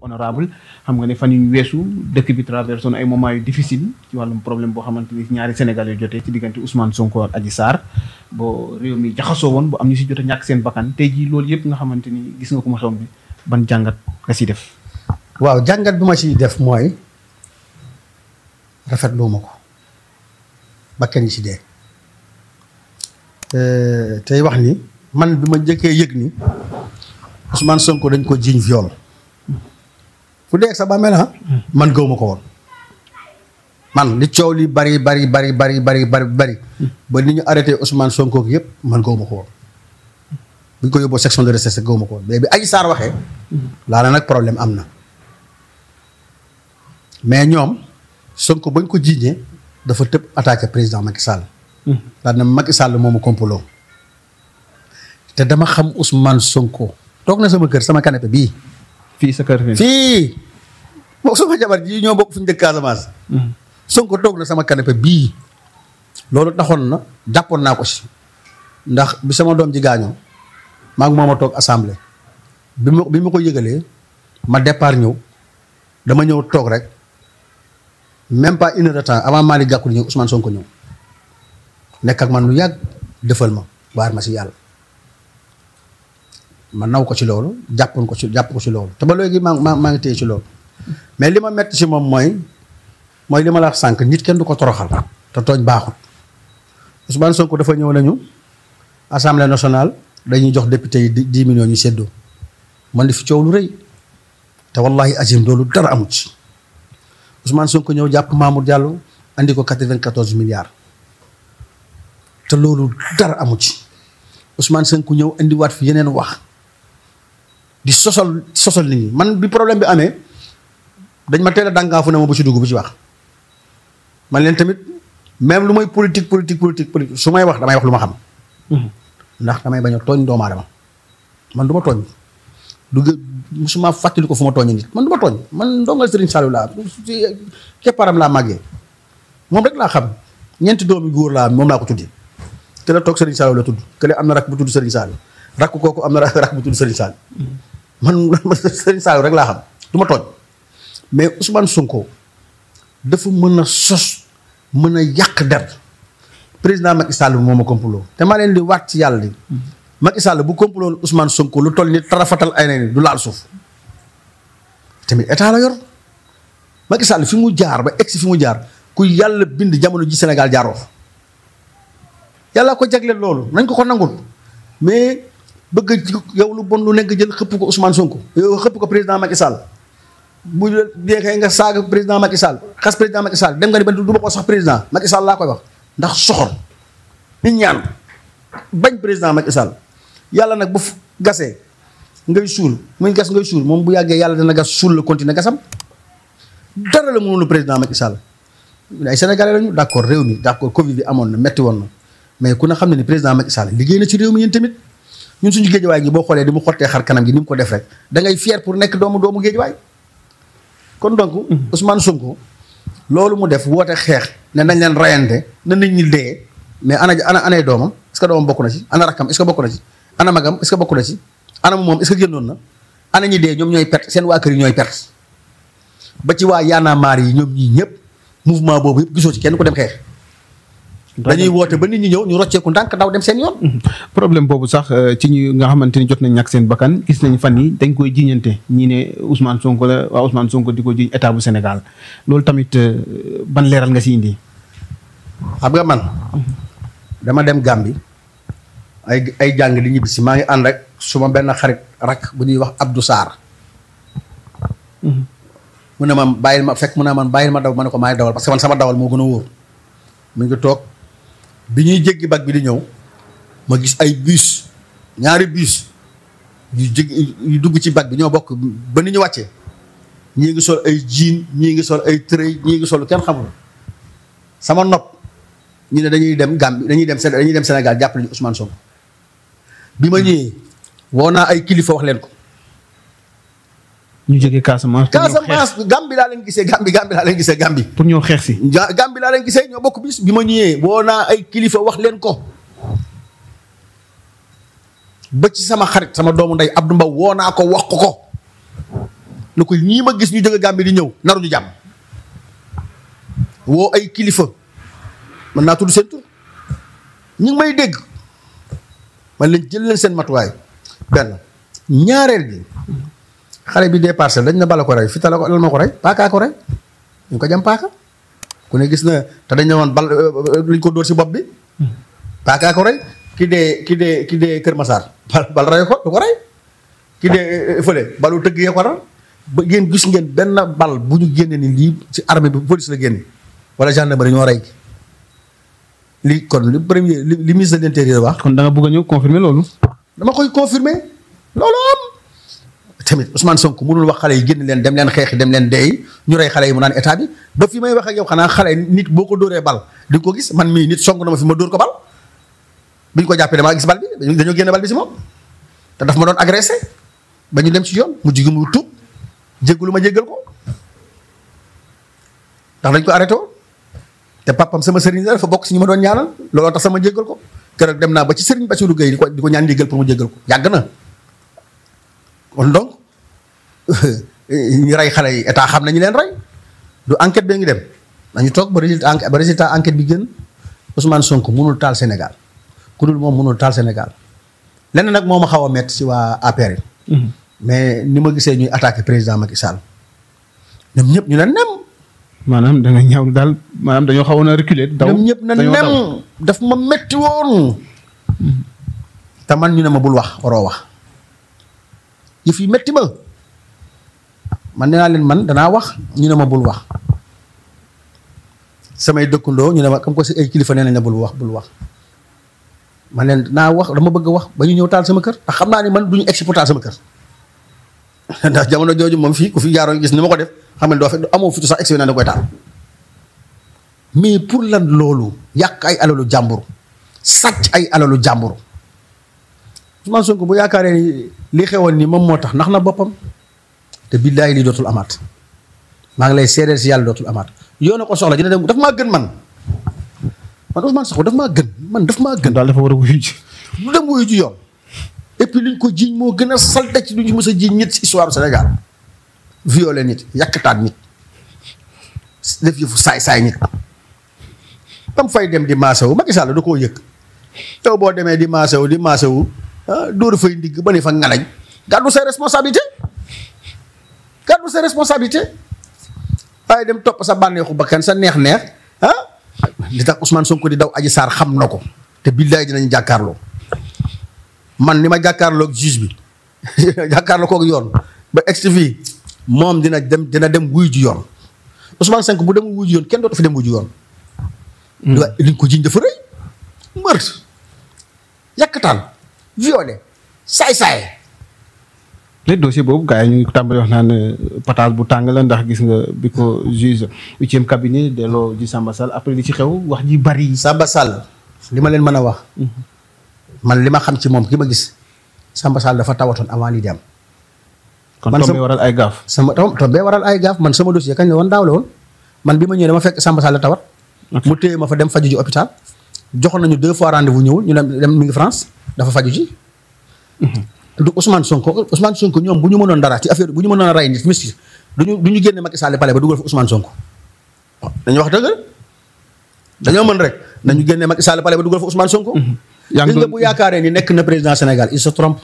honorable xam nga ne fan yu wessu dekk bi traversé na ay moment yu difficile ci walum problème bo xamanteni ñaari Sénégal yu jotee ci diganté Ousmane Sonko ak Sarr bo réew mi jaxaso won bo am ñu si jot ñak seen bakan tay ji lool yépp nga xamanteni wow, gis nga ko mo xam bi ban jangat nga si def. waaw jangat bi ma si def moy rafet mako bakkan ci si dee euh, tey wax ni man bi ma njëkkee yëg ni Ousmane Sonko dañ ko jin viol ku dee sa bamel ha hmm. man gëwma ko won man li ciow li bari bari bari bari bari bari bari ba niñu arrêté Ousmane Sonko yépp man gëwma ko won bu ko yobbo section de recherche gëwma ko won mais bi Adji Sarr waxee hmm. laa la nak problème amna mais ñom Sonko bañ ko jiiñee dafa tepp attaqué président Macky Sall hmm. daal na Macky Sall momu complo té dama xam Ousmane Sonko tok na sama kër sama canapé bi fi sa kër fi bok hmm. sama jabar ji ñoo bok fuñ dëkk Casamance sonko toog na sama canapé bi lolu taxon na jàppoon na ko ci ndax bi sama dom ji gaañoo ma ak moom tok toog assemblée bi ma bi ma ko yëgalee ma départ ñew dama ñew tok rek même pas une heure temps avant malik gakul ñew Ousmane Sonko ñew nek ak man lu yag defal ma war ma ci yalla ma naw ko ci lolu jàppoon ko ci japp ko ci lolu te ba legi ma ma ngi téye ci lolu mais lima metti ci mom moy moy lima la sank nit kenn du ko toroxal te togn baxut usman Sonko dafa ñew nañu assemblée nationale dañuy jox député yi 10 millions ñu seddo man li fi ciow lu reuy te wallahi azim loolu dara amu ci usman Sonko ñew japp Mamour Diallo andi ko 94 milliards te lolu dara amu ci usman Sonko ñew andi wat fi yenen wax di sosol sosol nit ñi man bi problème bi amé dañ ma téla danga fu ne ma bu ci dugg bu ci wax man leen tamit même lu moy politique politique politique politique sumay wax damay wax luma xam mhm. ndax damay baña togn tooñ doomu man duma togn du musuma fàttali ko fu ma nit man duma togn tooñ man ndongal Serigne ci laa param la màggee mom rek la xam ñent doomi goor la mom la ko tuddi té la tok Serigne la tudd rak bu tudd Serigne rak koku amna rak bu tudd Serigne man man Serigne Saliou rek laa xam du tooj mais Ousmane Sonko dafa mën a sos mën a yàq der président Macky Sall bi moo ma complot te maa leen di waat ci yàlla ni Macky Sall bu complot Ousmane Sonko lu toll ni tarafatal ay na ni du laal suuf tamit état la yor Macky Sall fi mu jaar ba egsi fi mu jaar ku yàlla bind jamono ji Sénégal jaaroo yàlla ko jagleel loolu nañ ko ko nangul bëgg yow lu bon lu nekk jël xëpp ko Ousmane Sonko yow xëpp ko président Macky Sall bu jeexee nga saaga président président Macky Sall dem nga ni ba ma ko sax président Macky Sall laa koy wax ndax soxor ni ñaan bañ président Macky Sall yàlla nag bu gasee ngay suul muy gas ngay suul moom bu yàggee yàlla dana gas suul la continuer gasam dara la mënul président Macky Sall ay sénégalais lañu d' accord réew mi d' accord Covid bi amoon na metti woon na mais ku ne xam ne ni président Macky Sall liggéey na ci réew mi yéen tamit. ñun suñu géejawaay gi bo xolé di mu xottee xar kanam gi ni ko def rek da ngay fier pour nek doomu doomu géejawaay kon donc mm-hmm. Ousmane Sonko lolu mu def wote xex ne nañ len rayante na nit ñi dé mais ana ana ané doomam est ce doom bokku na ci ana rakam est ce bokku na ci ana magam est ce bokku na ci ana mom est ce que na ana ñi dé ñom ñoy pert sen wa kër ñoy pert ba ci wa yana maar yi ñoom ñii ñëpp mouvement bobu yëpp gisoo ci kenn ku dem xex dañuy wote ba nit ñi ñew ñu rocceeku ndank daw dem seen yoon mm-hmm. problème bobu sax euh, ci ñi nga xamanteni jot nañ ñak seen bakan gis nañ fan yi dañ koy jiñante ñi ne Ousmane Sonko la wa Ousmane Sonko diko jiñ état bu Sénégal lool tamit euh, ban leral nga ci indi xam man mm-hmm. dama dem Gambie ay ay jang li ñibisi ma ngi and rek suma ben xarit rak bu ñuy wax Abdou Sar mm-hmm. mu ne ma bayil ma fek mu ne man bayil ma daw ma ko may dawal parce que man sama dawal mo gëna a ngi tok bi ñuy jéggi bag bi di ñëw ma gis ay bus ñaari bus yu jéggi yu dugg ci bac bi ñoo bokk ba ni ñu wàccee ñii ngi sol ay jean ñii ngi sol ay tërëy ñii ngi sol kenn xamul sama nopp ñu ne dañuy dem Gambie dañuy dem dañuy dem Sénégal jàppale ñu Ousmane bi ma ñëwee woo naa ay kilifa wax leen ko ñu jógee Casamance. Casamance Gambie laa leen gisee Gambie Gambie laa leen gisee Gambie. pour ñoo xeex si. Gambie laa leen gisee ñoo bokk bis bi ma ñëwee woo naa ay kilifa wax leen ko. ba ci sama xarit sama doomu ndey ab Mbow woo naa ko wax ko ko ne ko ñi ma gis ñu jóge Gambie di ñëw naruñu jàmm woo ay kilifa mën naa tudd seen tur ñu may dégg man leen jël leen seen matuwaay benn ñaareel gi. xale bi déparcel dañ na bala ko ray fitala ko lan mako ray paka ko ray ñu ko jam paka, ku ne gis na ta dañ ñewon bal euh, luñ ko door si bop bi paka ko ray ki dé ki dé ki dé kër massar bal bal ko du ko ray ki dé euh, feulé balu teug ye ya ko ra ba ngeen gis ngeen ben bal bu ñu génne ni li si armée bi police la génne wala gendarmerie ñoo ray li kon li premier li ministre de l'intérieur wax kon da nga bëgg ñu confirmer lolu dama koy confirmer lolu am tamit Ousmane Sonko mënul wax xalé yi genn leen dem leen xeex dem leen dey ñu ray xalé yi mu naan état bi ba fi may wax ak yow xana xalé nit boko doré bal di ko gis man mi nit song na ma fi ma ko bal biñ ko jappé dama gis bal bi dañu genn bal bi ci mom ta daf ma doon agressé bañu dem ci yoon mu jigu mu tu jéggalu ma jéggal ko tax dañ ko arrêté té papam sama sëriñ dafa bok ci ñuma doon ñaanal looloo tax sama jéggal ko keroog dem na ba ci sëriñ Bassirou Gueye ñaan jéggal pour mu jéggal ko yag na kon donc ñu rey xale yi état xam nañu leen rey du enquête bee ngi dem nañu toog ba résultat ba résultat enquête bi gën Ousmane sonk mënul taal Sénégal ku dul moom mënul taal Sénégal lenn nag moo ma xaw a métti si waa APR mm-hmm. mais ni ma gisee ñuy attaque président Macky Sall ñoom ñëpp ñu ne nem. maanaam da nga ñëw daal maanaam dañoo xaw a reculer. daw ñëpp na nem daf ma métti woon. Mm-hmm. te man ñu ne ma bul wax waroo wax yëf yi métti ma. man nee naa leen man danaa wax ñu ne ma bul wax samay dëkkandoo ñu ne ma comme que si ay kilifa nee nañ la bul wax bul wax man leen danaa wax dama bëgg wax ba ñu ñëw taal sama kër ndax xam naa ni man duñu exporter sama kër ndax jamono jooju moom fii ku fi jaaroon gis ni ma ko def xam ne doo fekk amoo fitu sax exporter naa da koy taal mais pour lan loolu yàq ay alalu jàmbur sàcc ay alalu jàmbur Ousmane Sonko bu yaakaaree ni li xewoon ni moom moo tax ndax na boppam. te billaay lii dootul amaat maa ngi lay seedeel si yàlla dootul amaat yow na ko soxla dina dem daf maa gën man man Ousmane Sonko daf maa gën man daf maa gën. daal dafa war a wuyu ji. lu dem wuyu ji yoon et puis luñ ko jiiñ moo gën a salte ci lu luñ mës a jiiñ nit si histoire Sénégal violé nit yàqtaat nit def yëfu saay-saay nit. tam fay dem di maasawu Macky Sall da koo yëg taw boo demee di maasawu di maasawu ah dóor fay ndigg ba ne fa ngalañ gàddu say kan bu sa responsabilité waaye dem topp sa bànneexu bakkan sa neex-neex ah li tax usman Ousmane ko di daw Adji Sarr xam na ko te billaay dinañ jàkkaarloo man ni ma jàkkaarlook juge bi jàkkaarloo yoon ba egsi moom dina dem dina dem wuy ju yoon Ousmane Sonko bu demul wuy yoon kenn dootu fi dem wuy ju yoon. waaye hmm. liñ ko jiñ dafa rëy mbër yàkkataan violé saay-saay. le dossier bobu gaay ñu tambal wax naan patage bu tang la ndax gis nga biko ko juge huitième cabinet delloo ji Samba après li ci xew wax ji bari. Samba wax. Mhm. man lima xam ci mom kima gis Samba dafa tawaton avant li dem Man kon waral ay gaf sama tombé waral ay gaf man sama dossier kan la woon man bima ñëw dama fekk Samba Sall la tawat. mu téye ma fa dem faju ji hôpital joxon nañu deux fois rendez vous ñëw ñu dem mi France dafa faju ji. Mhm du Ousmane Sonko Ousmane Sonko ñom buñu ñu dara ci affaire buñu ñu mënoon a rey nit miski duñu du ñu Macky Sall palais ba duggal fa Ousmane Sonko dañu wax deugal dañu mën rek nañu génne Macky Sall palais ba duggal fa Ousmane Sonko mhm. yang nga bu yaakaaree ni nek na président Sénégal il se trompe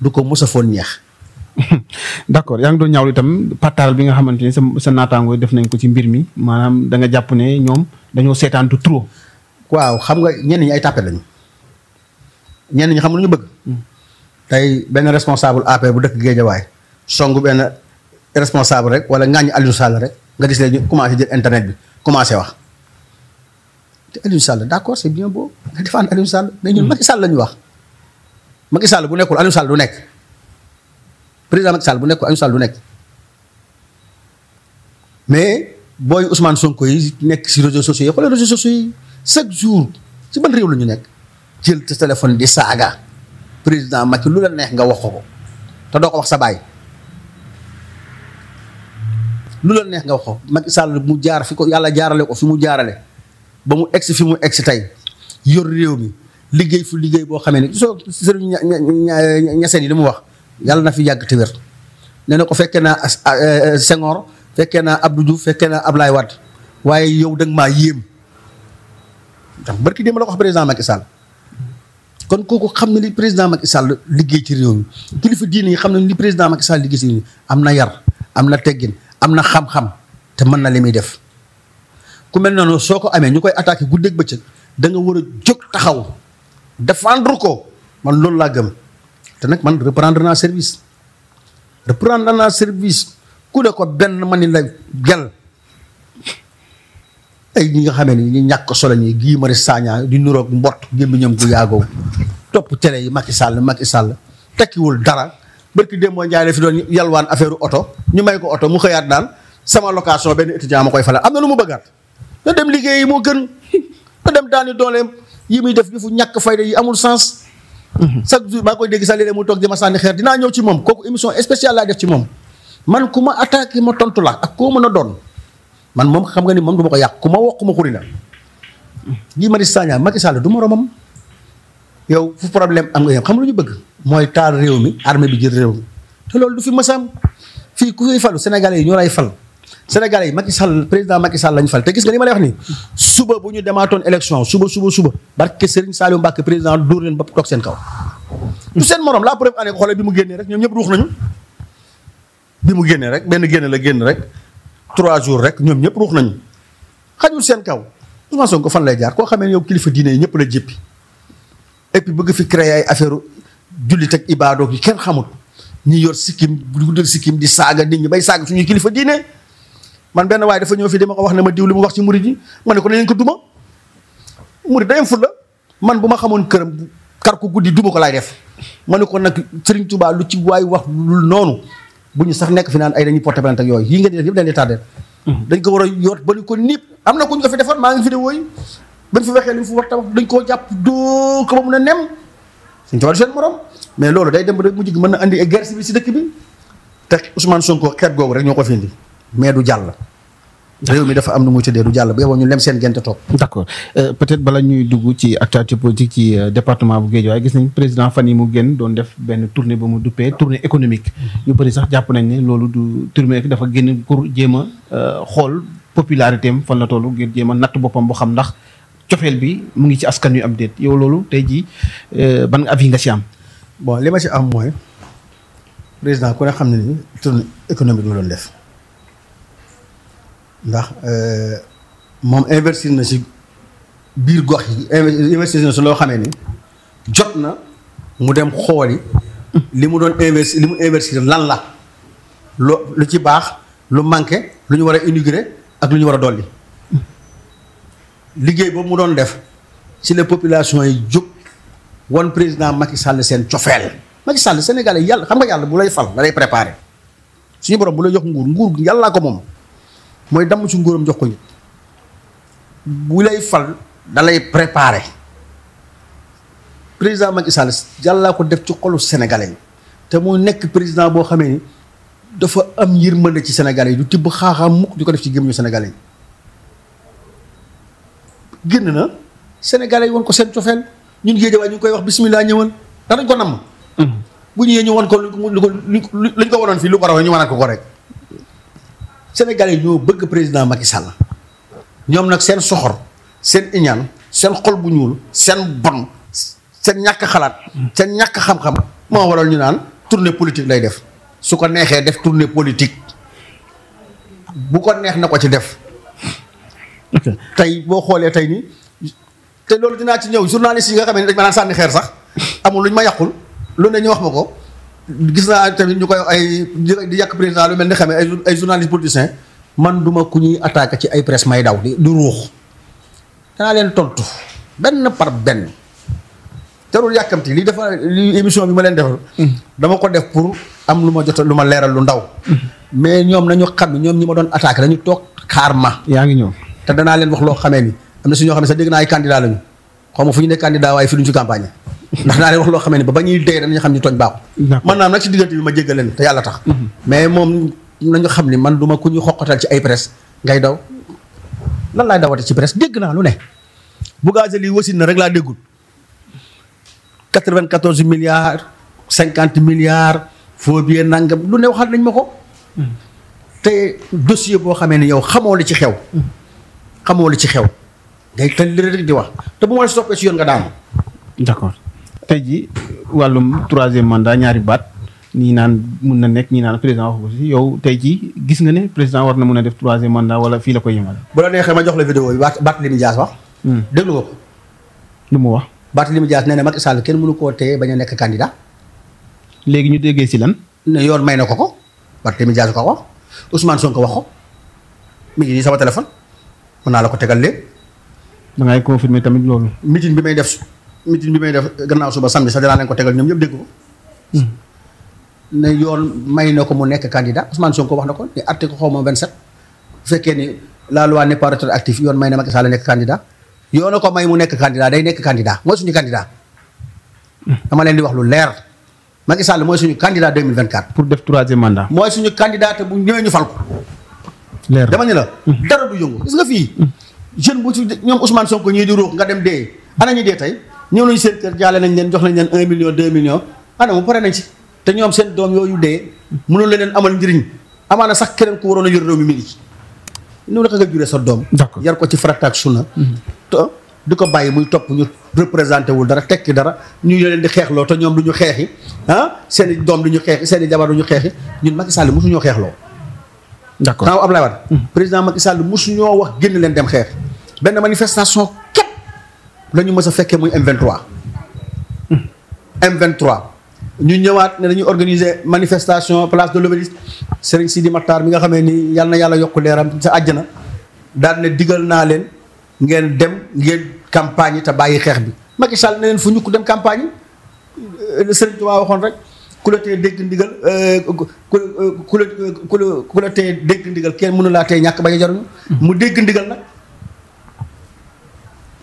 du ko mos fon foon ñeex d' accord yaa ngi doon ñaawlu bi nga xamanteni sa sa def nañ ko ci mbir mi manam da nga japp né ñom dañu sétane du trop. waaw xam nga ñen ñi ay tapé lañu ñen ñi xam lu ñu bëgg. Hmm. tey benn responsable AP bu dëkk Géejawaay song benn responsable rek wala ngaañu Aliou Sall rek nga gis léegi ñu commencé jël internet bi commencé wax te Aliou Sall d' accord c' est bien beau nga défendre Aliou Sall mais ñun hmm. Macky Sall la ñu wax Macky Sall bu nekkul Aliou Sall du nekk président Macky bu nekkul Aliou Sall du nekk mais booy Ousmane Sonko yi nekk si réseaux sociaux yi xoolal réseaux sociaux yi chaque jour si ban réew la ñu nekk jël téléphone di saaga. président Macky lu la neex nga wax ko te doo ko wax sa baay lu la neex nga wax ko Macky Sall mu jaar fi ko yàlla jaarale ko fi mu jaarale ba mu egsi fi mu si tey yor réew mi liggéey fu liggéey boo xamee ne soo sëriñ ñaseen yi li mu wax yàlla na fi yàgg te wér nee na ko fekkee naa e, e, Senghor fekkee naa Abdou Diouf fekkee naa Ablaye Wade waaye yow da nga maa yéem ndax barki démb la ko wax président Macky Sall kon koku xamna li president Macky Sall liggey ci rew mi kilifa diine yi xamna li president Macky Sall liggey ci ni amna na yar am na teggin am na xam-xam te man na li def ku mel nonu soko amé ñukoy attaquer guddé ak bëcëk da nga war a taxaw défendre ko man loolu la gëm te nak man reprendre rana service reprendre rana service ku ne ko ben man ni la gel ay ñi nga xamee ni ñu ñàkk solo ñi Guy Marius Sagna di nuroog mbott gémmi ñoom gu yaagoo topp télé yi Macky Sall Macky Sall tekkiwul dara bërki démboo Njaay fi doon yalwaan affaire oto ñu may ko oto mu xëyaat naan sama location benn étudiant ma koy falal am na lu mu bëggaat na dem liggéey moo gën na dem daani dooleem yi muy def yëfu ñàkk fayda yi amul sens chaque jour maa ngi koy dégg sax léeg mu toog di ma sànni xeer dinaa ñëw ci moom kooku émission spéciale laa def ci moom man ku ma attaqué ma tontu la ak koo mën a doon man mom xam nga ni mom duma ko yak kuma wax kuma ma gi ma di saña Macky Sall duma romam yow fu problème am nga xam luñu bëgg moy tar réew mi armée bi jël réew mi te lolou du fi masam fi ku falu sénégalais ñu lay fal sénégalais Macky Sall président Macky Sall lañ fal te gis nga ni ma lay wax ni suba bu ñu demaatoon élection suba suba suba barké Serigne Sallou Mbacké président door leen bop tok seen kaw du seen morom la preuve ané xolé bi mu génné rek ñom ñëpp ruux nañu bi mu génné rek ben génné la génné rek trois jours rek ñoom ñëpp ruux nañu xajul seen kaw Ousmane ko fan lay jaar koo xamee ne yow kilifa diine yi ñëpp la jéppi et bëgg fi créer ay affaire jullit ak ibaadoo yi kenn xamul ñu yor sikkim guddal sikkim di saaga nit ñi bay saaga suñuy kilifa diine man benn waaye dafa ñëw fi di ko wax ne ma diw li mu wax ci murid yi ma ne ko nañ ko duma murid day am ful man bu ma xamoon këram kar ko guddi duma ko laay def ma ne ko nag Serigne Touba lu ci waay wax noonu bu ñu sax nekk fi naan ay dañuy porté plainte ak yooyu yii ngeen di def yëpp hmm. dañ ko war a yoot ba ñu ko nipp am na kuñ ko fi defoon maa ngi fi de wooyu bañ fi waxee li mu fi dañ koo jàpp doo ko ba mun a nem suñ towar seen morom mais loolu day dem ba mujj gi mën na indi ay guerre civile si dëkk bi te Ousmane Sonko xeet googu rek ñoo ko fi ndi mais du jàll réew mi dafa am nu muy tëddee du jàll bu yeboo ñu lem seen gente toog d' accord euh, peut-être bala ñuy dugg ci actualité politique ci euh, département bu Guédiawaye gis nañ président fan yi mu génn doon def benn tournée ba mu duppee tournée économique ñu bëri sax jàpp nañ ne loolu du tournée dafa génn pour jéem a euh, xool popularité am fan la toolu ngir jéem a natt boppam boo xam ndax cofeel bi mu ngi ci askan yu am déet yow loolu tey jii ban nga avis nga ci am bon li ma ci am mooy président ku xam ne ni tournée économique la doon def ndax euh, moom investir na si biir gox yi investir na si loo xamee ni jot na mu dem xooli li mu doon investir li mu investir lan la loo lu ci baax lu manqué lu ñu war a inaugurer ak lu ñu war a dolli liggéey boobu mu doon def ci la population yi jóg wan président Macky Sall seen cofeel Macky Sall Sénégalais yàlla xam nga yàlla bu lay fal da lay préparé suñu borom bu lay jox nguur nguur yàllaa ko moom. mooy damm ci nguuram jox ko nit bu lay fal da préparer président Macky Sall yàllaa ko def ci xolu sénégalais yi te mu nekk président boo xamee ni dafa am yërmande ci sénégalais yi du tibb xaaxaam di ko def ci gémmiñu sénégalais yi génn na sénégalais yi wan ko seen cofeel ñun géejawaay ñu ngi koy wax bismillah ñëwal danañ ko namm mm-hmm. bu ñëwee ñu wan ko lu ko lu ko wanoon fii lu ko rawee ñu wanaat ko ko rek sénégalais ñoo bëgg président Macky Sall ñom nak sen soxor sen iñan sen xol bu ñuul sen bon sen ñak xalat sen ñak xam-xam mo waral ñu naan tourner politique lay def su ko nexé def tourner politique bu ko nex na ko ci def tay bo xolé tay ni té loolu dina ci ñew journaliste yi nga xam dañ ma naan sanni xër sax amul luñ ma yàqul lu ne ñu wax mako gis naa tamit ñu koy ay di yàq président lu mel ni xamee ay ay journaliste politicien man duma ku ñuy attaque ci ay presse may daw di ruux danaa leen tontu benn par benn jarul yàkkamti lii dafa lii émission bi ma leen defal mm-hmm. dama ko def pour am lu ma jot lu ma leeral lu ndaw mm-hmm. mais ñoom nañu xam ne ñoom ñi ma doon attaqué dañu toog xaar ma yaa ngi ñëw te danaa leen wax loo xamee ni am na si ñoo xam ne sax dégg naa ay candidat lañu xaw fu ñu ne candidat waaye fi duñ ci campagne ndax daa leen wax loo xamee ne ba ba ñuy dee dañuy xam ni tooñ baaxul man naam nag ci diggante bi ma jéggal leen te yàlla tax mhm. mais moom nañu xam ni man du ma ku ñu xoqatal ci ay presse ngay daw lan laay dawate ci presse dégg naa lu ne Bougazelli wasin na rek laa déggul quatre-vingt-quatorze milliards cinquante milliards foo nangam lu ne waxal nañ ma ko mhm. te dossier boo xamee ne yow xamoo li ci xew mhm. xamoo li ci xew ngay tënk rek di wax te bu ma la soppee si yoon nga daanu d'accord tey ji wàllum troisième mandat ñaari baat nii naan mun na nekk ñii naan président wax ko si yow tey ji gis nga ne président war na mun a def troisième mandat wala fii la ko yemal. bu la neexee ma jox la vidéo bi Barthélémy Dias wax. Hmm. déglu nga ko. lu mu wax. Barthélémy Dias nee na Macky Sall kenn mënu koo téye bañ a nekk candidat. léegi ñu déggee si lan. ne yoon may na ko ko Barthélémy Dias ko wax Ousmane ko wax ko mi ngi nii sama téléphone mën naa la ko tegal léegi. da tamit loolu. bi may def. meeting bi may def gannaaw suba samedi sax dinaa leen ko tegal ñoom ñëpp dégg ko. ne yoon may na ko mu nekk candidat Ousmane ko wax na ko ne article xaw ma 27. bu fekkee ni la loi n'est pas rétroactive yoon may na Macky la nekk candidat yoon ko may mu nekk candidat day nekk candidat mooy suñu candidat. dama leen di wax lu leer. Macky Sall mooy suñu candidat 2024. pour def troisième mandat. mooy suñu candidat te bu ñëwee ñu fal ko. leer dama ne la. Mm-hmm. du yëngu gis fii. Mm-hmm. jeune bu ci ñoom Ousmane Sonko ñii di ruux nga dem dee ana ñi dee tey. ñëw nañ seen kër jaale nañ leen jox nañ leen un million deux millions adama pare nañ si te ñoom seen doom yooyu dee mënul leen amal njëriñ amaana sax keneen ku waroon a yor réew mi mi ngi la ko nga juree sa doom yar ko ci farataak sunna mhm. te di ko bàyyi muy topp ñu représenté wul dara tekki dara ñu leen di xeexloo te ñoom du ñu xeexi ah seen i doom du ñu xeexi seen i jabar du ñu xeexi ñun Macky Sall mosuñoo xeexloo d'accord temps Ablaye Wade mhm. président Macky Sall ñoo wax génn leen dem xeex benn manifestation la ñu mës a fekkee muy M23. Hmm. M23 ñu ñëwaat ne dañuy organiser manifestation place de l'Obélisque Serigne Sidi Makhtar mi nga xamee ni yàlla na yàlla yokk leeram sa àjjana daal ne digal naa leen ngeen dem ngeen campagne te bàyyi xeex bi Macky Sall ne leen fu ñu ko dem campagne yi euh, Serigne Touba waxoon rek ku la tee dégg ndigal euh, euh, ku ku ku la tee dégg ndigal kenn mënu laa ñàkk ba a jaruñu hmm. mu dégg ndigal nag.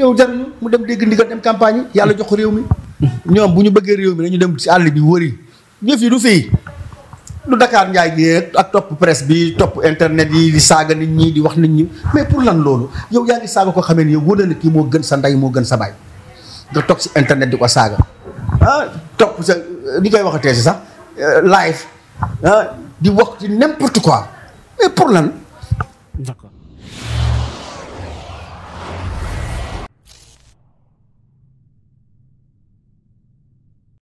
yow ya jaruñu mu dem dégg ndigal dem campagne yi yàlla jox ko réew mi ñoom bu ñu bëggee réew mi dañu dem ci àll bi wëri ñëf yi du fii du Dakar Njaay gi ak top presse bi top internet yi di saaga nit ñi di wax nit ñi mais pour lan loolu yow yaa ngi saaga ko xamee ni yow wóor na kii moo gën sa ndey moo gën sa baay nga toog si internet di ko saaga ah top sa ni koy waxatee si sax live ah di wax ci n'importe quoi mais pour lan d'accord